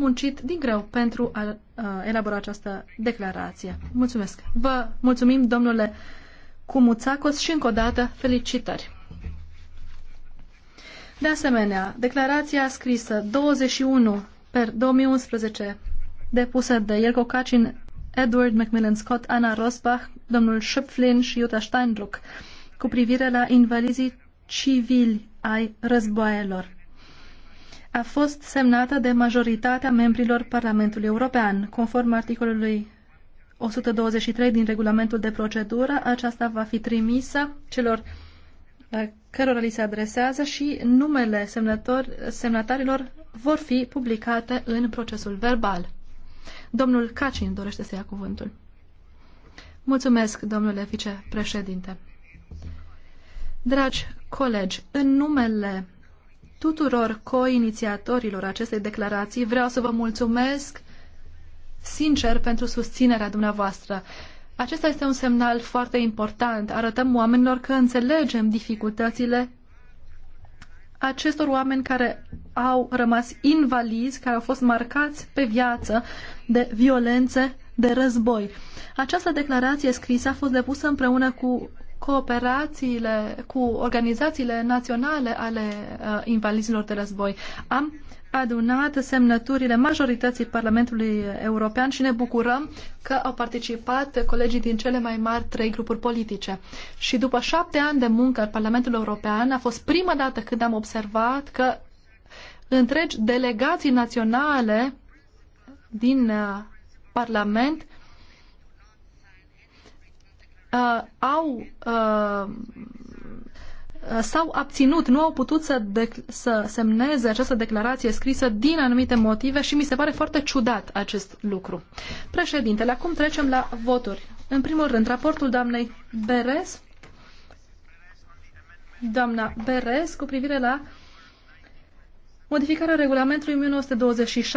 muncit din greu pentru a elabora această declarație. Mulțumesc! Vă mulțumim, domnule Cumuțacos, și încă o dată felicitări! De asemenea, declarația scrisă 21 per 2011 depusă de Jelko Kacin, Edward Macmillan Scott, Anna Rosbach, domnul Schöpflin și Jutta Steinruck cu privire la invalizii civili ai războaielor a fost semnată de majoritatea membrilor Parlamentului European. Conform articolului 123 din regulamentul de procedură, aceasta va fi trimisă celor uh, cărora li se adresează și numele semnatarilor vor fi publicate în procesul verbal. Domnul Cacin dorește să ia cuvântul. Mulțumesc, domnule vicepreședinte. Dragi colegi, în numele tuturor co-inițiatorilor acestei declarații. Vreau să vă mulțumesc sincer pentru susținerea dumneavoastră. Acesta este un semnal foarte important. Arătăm oamenilor că înțelegem dificultățile acestor oameni care au rămas invalizi, care au fost marcați pe viață de violențe, de război. Această declarație scrisă a fost depusă împreună cu cooperațiile cu organizațiile naționale ale uh, invalizilor de război. Am adunat semnăturile majorității Parlamentului European și ne bucurăm că au participat colegii din cele mai mari trei grupuri politice. Și după șapte ani de muncă al Parlamentului European, a fost prima dată când am observat că întregi delegații naționale din uh, Parlament uh, au uh, s-au abținut, nu au putut să, de- să semneze această declarație scrisă din anumite motive și mi se pare foarte ciudat acest lucru. Președintele, acum trecem la voturi. În primul rând, raportul doamnei Berez, doamna Berez, cu privire la modificarea regulamentului 1926.